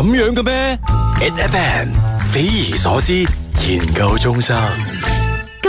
咁樣嘅咩？NFM 匪夷所思研究中心。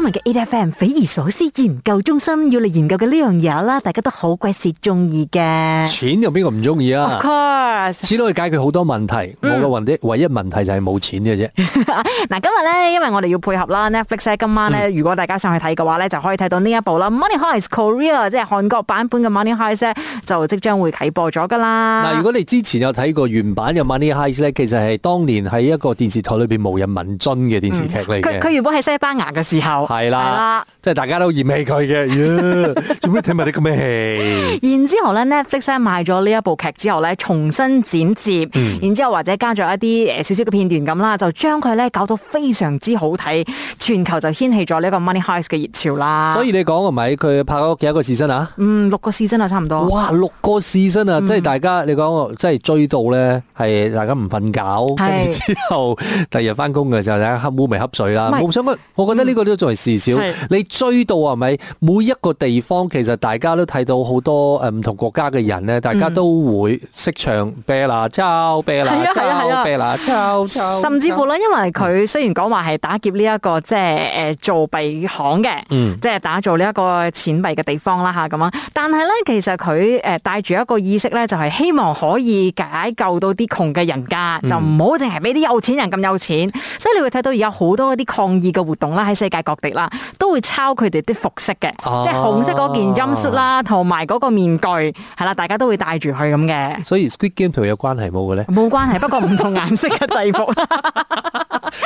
今日嘅 ATFM 匪夷所思研究中心要嚟研究嘅呢樣嘢啦，大家都好鬼蝕中意嘅。錢有邊個唔中意啊？Of course，錢都可以解決好多問題。我嘅唯一唯一問題就係冇錢嘅啫。嗱， 今日咧，因為我哋要配合啦、嗯、，Netflix 咧，今晚咧，如果大家上去睇嘅話咧，就可以睇到呢一部啦，《Money Heist Korea》，即係韓國版本嘅《Money Heist》咧，就即將會啟播咗噶啦。嗱，如果你之前有睇過原版嘅《Money Heist》咧，其實係當年喺一個電視台裏邊無人問津嘅電視劇嚟嘅。佢原本喺西班牙嘅時候。係是啦。大家都嫌棄佢嘅，做咩睇埋啲咁嘅戲？然後呢買部劇之後咧，Netflix 咧買咗呢一部劇之後咧，重新剪接，嗯、然之後或者加咗一啲誒少少嘅片段咁啦，就將佢咧搞到非常之好睇，全球就掀起咗呢個個 Money Heist 嘅熱潮啦。所以你講係咪？佢拍咗幾多個屍身啊？嗯，六個屍身啊，差唔多。哇，六個屍身啊，嗯、即係大家你講，即係追到咧，係大家唔瞓覺，跟住是之後第二日翻工嘅時候大家黑烏眉瞌睡啦。我、嗯、想，乜、嗯？我覺得呢個都仲係事小，你。追到係咪每一個地方？其實大家都睇到好多誒唔同國家嘅人咧，大家都會識唱貝、嗯、拉、超貝拉、超貝、啊啊啊、拉、超超。甚至乎咧，因為佢雖然講話係打劫呢、這、一個、呃嗯、即係誒造幣行嘅，即係打造呢一個錢幣嘅地方啦吓咁樣，但係咧，其實佢誒帶住一個意識咧，就係希望可以解救到啲窮嘅人家，就唔好淨係俾啲有錢人咁有錢，所以你會睇到而家好多一啲抗議嘅活動啦，喺世界各地啦，都會包佢哋啲服飾嘅，啊、即係紅色嗰件陰恤啦，同埋嗰個面具係啦，大家都會戴住去咁嘅。所以《Squid Game》同有關係冇嘅咧？冇關係。 不過唔同顏色嘅制服，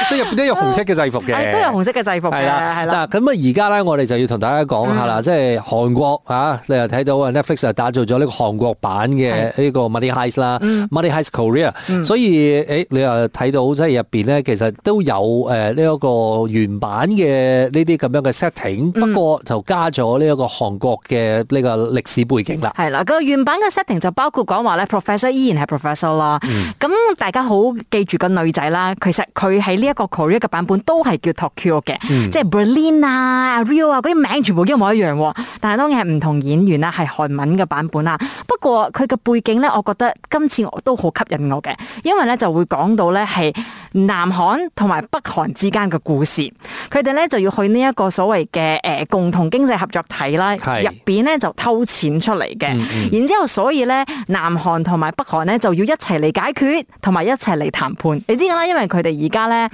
即入邊都有紅色嘅制服嘅、哎，都有紅色嘅制服嘅。係啦，係啦。嗱咁啊，而家咧，我哋就要同大家講下啦，即係韓國啊，你又睇到啊 Netflix 係打造咗呢個韓國版嘅呢個 Heist、嗯、Money Heist 啦，《Money Heist Korea》。所以誒你又睇到即係入邊咧，其實都有誒呢一個原版嘅呢啲咁樣嘅 setting。嗯、不過就加咗呢一個韓國嘅呢個歷史背景啦。係啦，個原版嘅 setting 就包括講話咧，Professor 依然係 Professor 啦、嗯。咁大家好記住個女仔啦。其實佢喺呢一個 Korea 嘅版本都係叫 Tokyo 嘅，嗯、即係 Berlin 啊、Rio 啊嗰啲名全部一模一樣。但係當然係唔同演員啦，係韓文嘅版本啦。不過佢嘅背景咧，我覺得今次都好吸引我嘅，因為咧就會講到咧係南韓同埋北韓之間嘅故事，佢哋咧就要去呢一個所謂嘅共同經濟合作體啦，入邊咧就偷錢出嚟嘅，嗯嗯，然之後所以咧南韓同埋北韓咧就要一齊嚟解決，同埋一齊嚟談判。你知噶啦，因為佢哋而家咧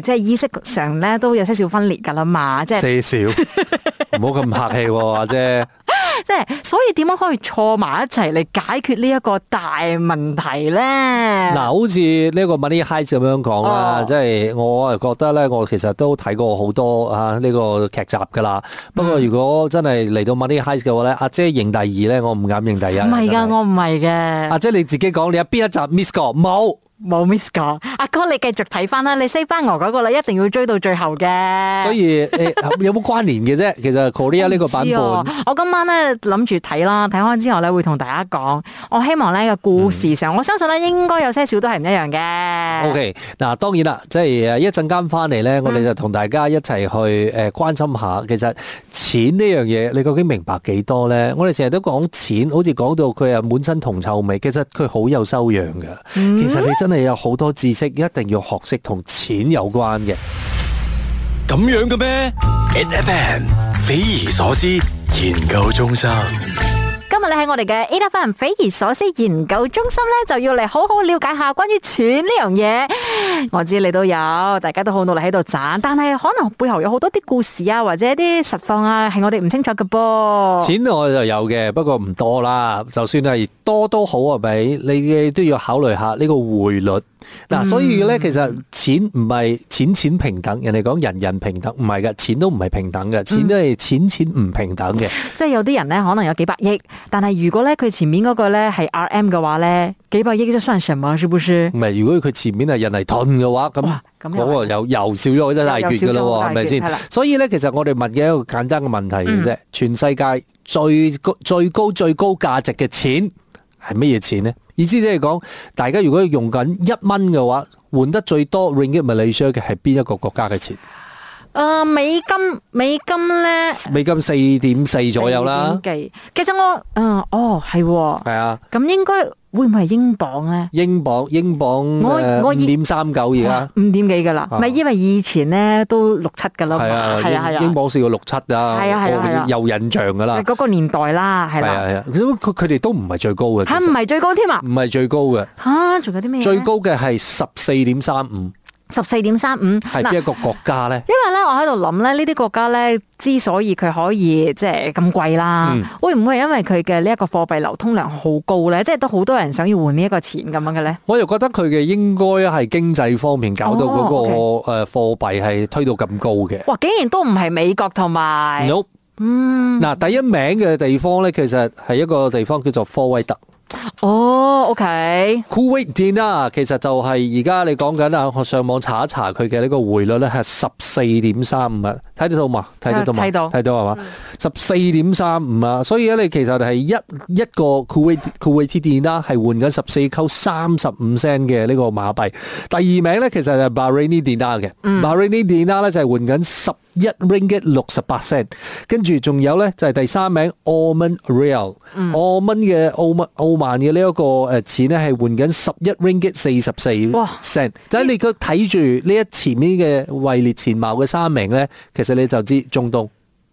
誒即係意識上咧都有些少分裂噶啦嘛，即係少，唔好咁客氣、啊、 或者。即係，所以點樣可以坐埋一齊嚟解決呢一個大問題咧？嗱、這個，好似呢個 Money Heist 咁樣講啊，即係、哦、我係覺得咧，我其實都睇過好多啊呢個劇集噶啦。不過如果真係嚟到 Money Heist 嘅話咧，阿姐認第二咧，我唔敢認第一。唔係噶，的我唔係嘅。阿姐你自己講，你有邊一集 miss 過？冇。冇 miss 過，阿哥你繼續睇翻啦，你西班牙嗰個你一定要追到最後嘅。所以、哎、有冇關聯嘅啫？ 其實 Korea 呢個版本，我今晚咧諗住睇啦，睇開之後咧會同大家講。我希望呢個故事上，嗯、我相信咧應該有些少都係唔一樣嘅。OK，嗱當然啦，即係一陣間翻嚟咧，我哋就同大家一齊去誒、呃、關心一下。其實錢呢樣嘢，你究竟明白幾多咧？我哋成日都講錢，好似講到佢啊滿身銅臭味，其實佢好有修養噶。其實你真係有好多知識，一定要學識同錢有關嘅，咁樣嘅咩？FM 匪夷所思研究中心。你喺我哋嘅 A 加 f 人，匪夷所思研究中心咧，就要嚟好好了解下關於錢呢樣嘢。我知你都有，大家都好努力喺度賺，但係可能背後有好多啲故事啊，或者啲實況啊，係我哋唔清楚㗎噃。錢我就有嘅，不過唔多啦。就算係多都好啊，咪你都要考慮下呢個匯率。嗱，嗯、所以咧，其實錢唔係錢錢平等，人哋講人人平等，唔係嘅，錢都唔係平等嘅，錢都係錢錢唔平等嘅。即係、嗯、 有啲人咧，可能有幾百億，但係如果咧佢前面嗰個咧係 RM 嘅話咧，幾百億都算什麼，是不是？唔係，如果佢前面係人係盾嘅話，咁嗰、哦、樣個又又少咗一大橛噶咯，係咪先？是是了，所以咧，其實我哋問嘅一個簡單嘅問題嘅啫，嗯、全世界最高最高最高價值嘅錢係乜嘢錢咧？意思即係講，大家如果要用緊一蚊嘅話，換得最多 ringgit Malaysia 嘅係邊一個國家嘅錢？啊，美金，美金咧，美金四點四左右啦。其實我，啊，哦，係，係啊。咁應該會唔會英鎊咧？英鎊，英鎊我五點三九而家，五點幾噶啦。唔係因為以前咧都六七噶咯，係啊，英鎊四個六七啦，係啊，係啊，有印象噶啦。嗰個年代啦，係啦，係啊，佢佢哋都唔係最高嘅。吓，唔係最高添啊？唔係最高嘅。吓，仲有啲咩？最高嘅係十四點三五。十四點三五，係邊一個國家咧？因為咧，我喺度諗咧，呢啲國家咧，之所以佢可以即係咁貴啦，嗯、會唔會係因為佢嘅呢一個貨幣流通量好高咧？即係都好多人想要換呢一個錢咁樣嘅咧？我又覺得佢嘅應該係經濟方面搞到嗰個誒貨幣係推到咁高嘅。哇、哦 okay！竟然都唔係美國同埋。還有 No. 嗯。嗱，第一名嘅地方咧，其實係一個地方叫做科威特。哦、oh，OK，Kuwait、okay、Dinar 其實就係而家你講緊啊，我上網查一查佢嘅呢個匯率咧係十四點三五啊，睇得到嘛？睇到，睇到，睇到係嘛？十四點三五啊，所以咧你其實係一一個 Kuwaiti Dinar 係換緊十四扣三十五 cent 嘅呢個馬幣。第二名咧其實就係 Bahraini Dinar 嘅、嗯、Bahraini Dinar 咧就係換緊十。一 ringgit 六十八 cent，跟住仲有咧就係第三名奧、mm. 曼 real，奧曼嘅澳曼奧曼嘅呢一個誒錢咧係換緊十一 ringgit 四十四 cent，即係你個睇住呢一前面嘅位列前茅嘅三名咧，其實你就知中東。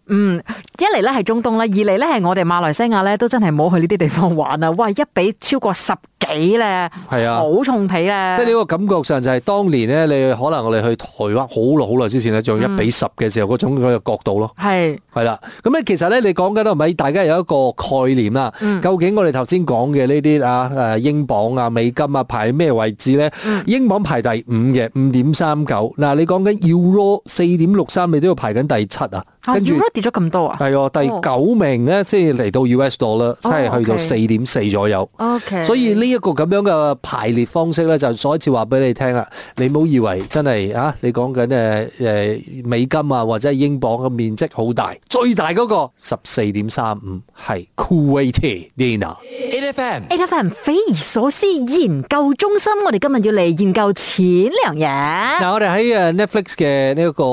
嗯，一嚟咧係中東啦二嚟咧係我哋馬來西亞咧，都真係冇去呢啲地方玩啊！哇一比超過十幾咧，好、啊、重皮咧，即係呢個感覺上就係當年咧，你可能我哋去台灣好耐好耐之前咧，仲有一比十嘅時候嗰、嗯、種嗰角度咯。係係啦，咁咧、啊、其實咧你講緊都係咪？大家有一個概念啦。嗯、究竟我哋頭先講嘅呢啲啊英鎊啊美金啊排喺咩位置咧？嗯、英鎊排第五嘅五點三九。嗱、啊，你講緊 Euro 四點六三，你都要排緊第七啊？跟住、哦。咗咁多啊？係第九名咧，即係係嚟到 U.S. 度啦，即係、哦、去到四點四左右。哦、O.K. 所以呢一個咁樣嘅排列方式咧，就再一次話俾你聽啦。你唔好以為真係啊，你講緊誒誒美金啊，或者係英鎊嘅面積好大，最大嗰，那個十四點三五係 Kuwaiti Dinar。e l e a e n a f e v e n 匪夷所思研究中心，我哋今日要嚟研究錢兩嘢。嗱，我哋喺誒 Netflix 嘅呢一個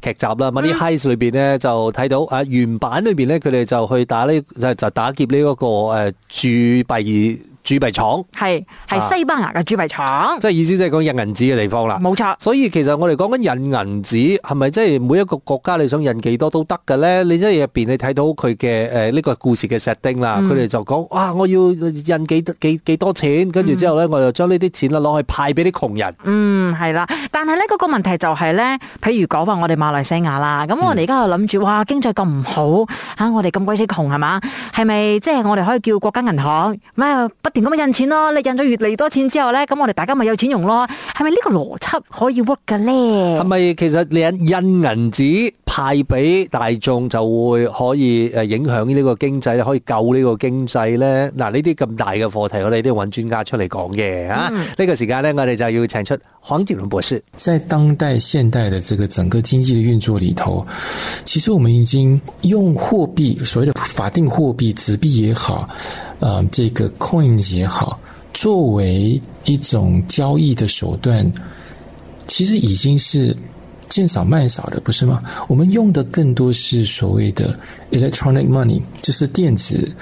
誒劇集啦，Money Heist 裏邊咧。嗯就睇到啊，原版裏邊咧，佢哋就去打呢就就打劫呢、這、一個誒鑄幣。啊鑄幣廠係係西班牙嘅鑄幣廠，即係、啊、意思就係講印銀紙嘅地方啦。冇錯，所以其實我哋講緊印銀紙係咪即係每一個國家你想印幾多都得嘅咧？你即係入邊你睇到佢嘅誒呢個故事嘅 setting 啦，佢哋、嗯、就講哇，我要印幾多幾幾多錢，跟住之後咧，嗯、我就將呢啲錢咧攞去派俾啲窮人。嗯，係啦，但係咧、嗰個問題就係、是、咧，譬如講話我哋馬來西亞啦，咁我哋而家就諗住哇，經濟咁唔好吓、啊，我哋咁鬼死窮係嘛？係咪即係我哋可以叫國家銀行咩不斷咁印錢咯，你印咗越嚟多錢之後咧，咁我哋大家咪有錢用咯？係咪呢個邏輯可以 work 嘅咧？係咪其實你印銀紙派俾大眾就會可以誒影響呢個經濟，可以救呢個經濟咧？嗱，呢啲咁大嘅課題，我哋都要揾專家出嚟講嘢啊！呢個時間咧，我哋就要請出。黃景倫博士，在當代現代的這個整個經濟的運作裏頭，其實我們已經用貨幣，所謂的法定貨幣、紙幣也好，啊，這個 coins 也好，作為一種交易的手段，其實已經是見少賣少的，不是嗎？我們用的更多是所謂的 electronic money，就是電子。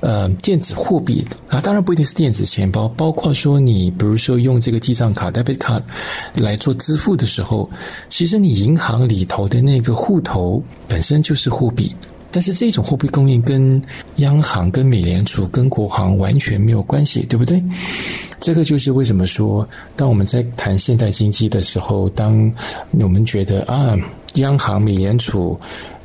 呃，電子貨幣啊，當然不一定是電子錢包，包括說你，比如說用這個記賬卡、debit 卡來做支付的時候，其實你銀行裏頭的那個戶頭本身就是貨幣，但是這種貨幣供應跟央行、跟美聯儲、跟國行完全沒有關係，對不對？這個就是為什麼說，當我們在談現代經濟的時候，當我們覺得啊，央行、美聯儲。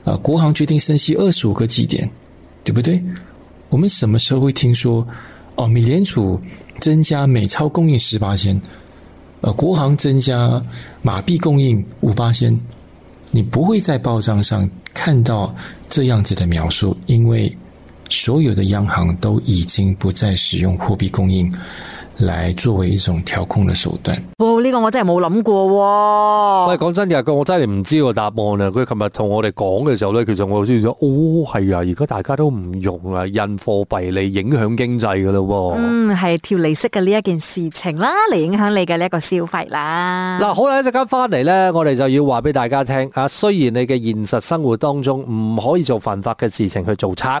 啊、呃，國行決定升息二十五個基點，對不對？我們什麼時候會聽說哦，美聯儲增加美鈔供應十巴仙，呃，國行增加馬幣供應五巴仙？你不會在報章上看到這樣子的描述，因為所有的央行都已經不再使用貨幣供應。嚟作為一種調控嘅手段。唔呢、哦呢個我真係冇諗過、啊。喂，講真嘅，我真係唔知個答案啦。佢琴日同我哋講嘅時候咧，其實我先想，哦係啊，而家大家都唔用啊印貨幣嚟影響經濟噶啦、啊。嗯，係調利息嘅呢一件事情啦嚟影響你嘅呢一個消費啦。嗱、嗯，好啦，一陣間翻嚟咧，我哋就要話俾大家聽。啊，雖然你嘅現實生活當中唔可以做犯法嘅事情去做賊。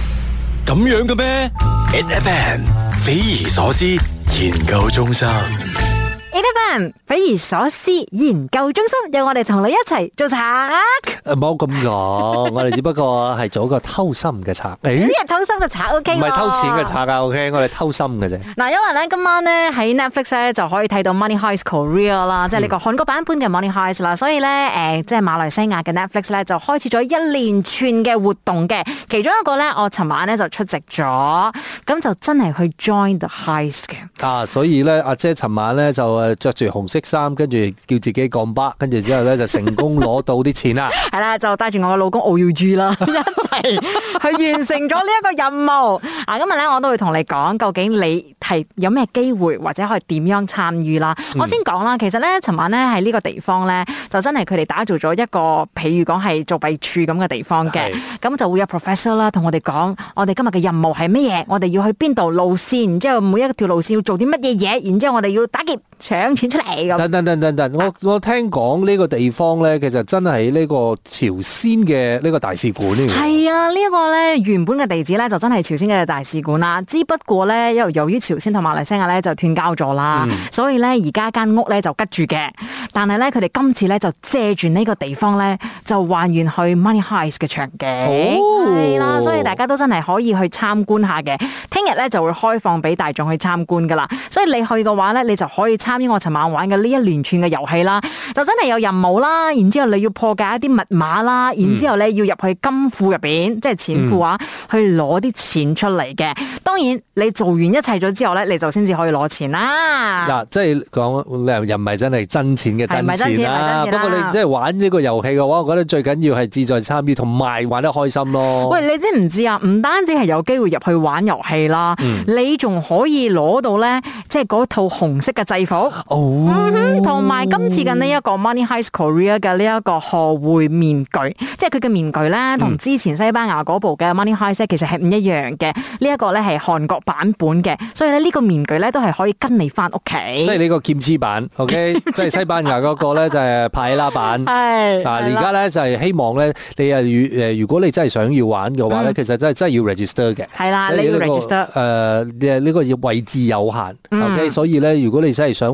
咁樣嘅咩？NFM 匪夷所思研究中心。Eleven 匪夷所思研究中心，有我哋同你一齊做賊。唔好咁講，我哋只不過係做一個偷心嘅賊。一日偷心嘅賊 O K，唔係偷錢嘅賊噶 O K，我哋偷心嘅啫。嗱，因為咧今晚咧喺 Netflix 咧就可以睇到 Money Heist Korea 啦，即係呢個韓國版本嘅 Money Heist 啦，所以咧誒，即係馬來西亞嘅 Netflix 咧就開始咗一連串嘅活動嘅。其中一個咧，我尋晚咧就出席咗，咁就真係去 join the Heist 嘅。啊，所以咧，阿姐尋晚咧就，誒着住紅色衫，跟住叫自己鋼巴，跟住之後咧就成功攞到啲錢啦。係啦， 就帶住我嘅老公奧要豬啦，一齊去完成咗呢一個任務。嗱， 今日咧我都會同你講，究竟你係有咩機會或者可以點樣參與啦？嗯、我先講啦，其實咧，尋晚咧喺呢個地方咧，就真係佢哋打造咗一個，譬如講係造幣處咁嘅地方嘅。咁是的 就會有 professor 啦，同我哋講，我哋今日嘅任務係乜嘢？我哋要去邊度路線？然之後每一條路線要做啲乜嘢嘢？然之後我哋要打劫。搶錢出嚟等等等等等，我我聽講呢個地方咧，其實真係呢個朝鮮嘅呢個大使館。係啊，這個、呢一個咧原本嘅地址咧就真係朝鮮嘅大使館啦，之不過咧由由於朝鮮同馬來西亞咧就斷交咗啦，嗯、所以咧而家間屋咧就吉住嘅，但係咧佢哋今次咧就借住呢個地方咧就還原去 Money Heist 嘅場景，係啦、哦，所以大家都真係可以去參觀下嘅。聽日咧就會開放俾大眾去參觀噶啦，所以你去嘅話咧，你就可以參。我尋晚玩嘅呢一連串嘅遊戲啦，就真係有任務啦，然之後你要破解一啲密碼啦，然之後咧要入去金庫入邊，嗯、即係錢庫啊，嗯、去攞啲錢出嚟嘅。當然你做完一切咗之後咧，你就先至可以攞錢啦。嗱、啊，即係講你又唔係真係真錢嘅真錢啦。不過你即係玩呢個遊戲嘅話，我覺得最緊要係志在參與，同埋玩得開心咯。喂，你知唔知啊？唔單止係有機會入去玩遊戲啦，嗯、你仲可以攞到咧，即係嗰套紅色嘅制服。哦，同埋、嗯、今次嘅呢一個 Money Heist Korea 嘅呢一個學會面具，即係佢嘅面具咧，同之前西班牙嗰部嘅 Money Heist 其實係唔一樣嘅。呢、這、一個咧係韓國版本嘅，所以咧呢個面具咧都係可以跟你翻屋企。即係呢個劍痴版，OK，資即係西班牙嗰個咧就係派拉版。係嗱， 而家咧就係希望咧，你啊如誒，如果你真係想要玩嘅話咧，嗯、其實真係真係要 register 嘅。係啦的，這個、你要 register 誒，呢、呃這個要位置有限。OK，嗯、所以咧如果你真係想，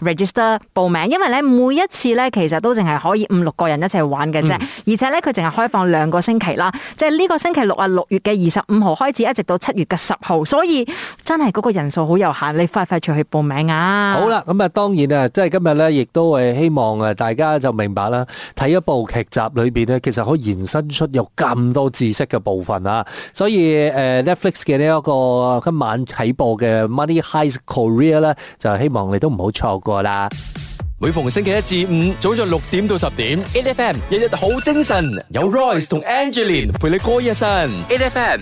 Register 報名，因為咧每一次咧其實都淨係可以五六個人一齊玩嘅啫，嗯、而且咧佢淨係開放兩個星期啦，即係呢個星期六啊六月嘅二十五號開始，一直到七月嘅十號，所以真係嗰個人數好有限，你快快脆去報名啊！好啦，咁啊當然啊，即係今日咧亦都係希望大家就明白啦，睇一部劇集裏面其實可以延伸出有咁多知識嘅部分啊，所以 Netflix 嘅呢一個今晚起播嘅 Money Heist Korea 咧，就希望你都唔好錯過啦！每逢星期一至五，早上六點到十點，N F M 日日好精神，有 Royce 同 Angelin 陪你過一生，N F M。